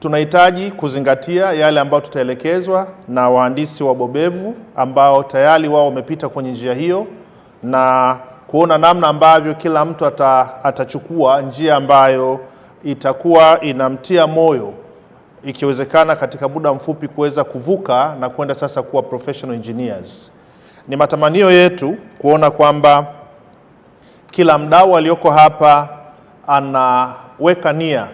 tunahitaji kuzingatia yale ambayo tutaelekezwa na wahandisi wabobevu ambao tayari wao wamepita kwenye njia hiyo na kuona namna ambavyo kila mtu ata, atachukua njia ambayo itakuwa inamtia moyo ikiwezekana katika muda mfupi kuweza kuvuka na kwenda sasa kuwa professional engineers. Ni matamanio yetu kuona kwamba kila mdau aliyoko hapa anaweka nia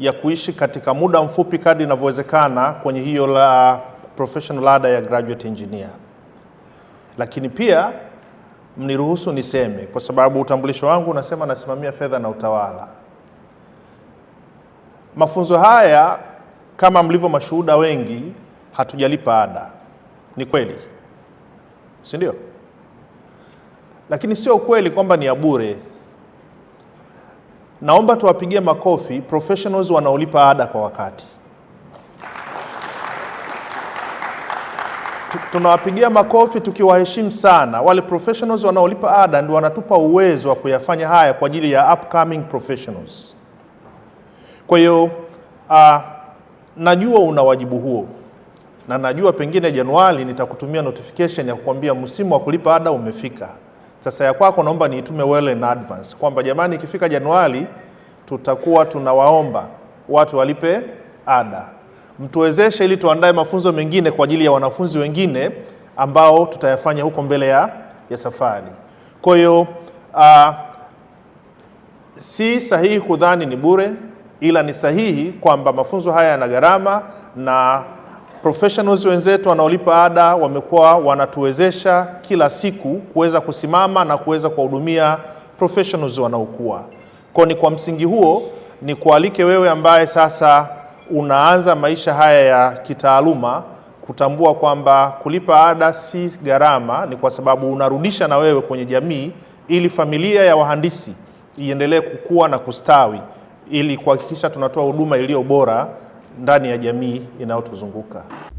ya kuishi katika muda mfupi kadri inavyowezekana kwenye hiyo la professional ladder ya graduate engineer. Lakini pia mniruhusu niseme, kwa sababu utambulisho wangu unasema nasimamia fedha na utawala. Mafunzo haya kama mlivyo mashuhuda wengi, hatujalipa ada, ni kweli, si ndio? Lakini sio kweli kwamba ni ya bure. Naomba tuwapigie makofi professionals wanaolipa ada kwa wakati. Tunawapigia makofi tukiwaheshimu sana wale professionals wanaolipa ada, ndio wanatupa uwezo wa kuyafanya haya kwa ajili ya upcoming professionals. Kwa hiyo uh, najua una wajibu huo na najua pengine Januari nitakutumia notification ya kukwambia msimu wa kulipa ada umefika. Sasa ya kwako naomba niitume well in advance kwamba jamani, ikifika Januari tutakuwa tunawaomba watu walipe ada, mtuwezeshe ili tuandae mafunzo mengine kwa ajili ya wanafunzi wengine ambao tutayafanya huko mbele ya, ya safari. Kwa hiyo uh, si sahihi kudhani ni bure, ila ni sahihi kwamba mafunzo haya yana gharama na Professionals wenzetu wanaolipa ada wamekuwa wanatuwezesha kila siku kuweza kusimama na kuweza kuwahudumia professionals wanaokuwa kwa. Ni kwa msingi huo ni kualike wewe ambaye sasa unaanza maisha haya ya kitaaluma kutambua kwamba kulipa ada si gharama, ni kwa sababu unarudisha na wewe kwenye jamii, ili familia ya wahandisi iendelee kukua na kustawi, ili kuhakikisha tunatoa huduma iliyo bora ndani ya jamii inayotuzunguka.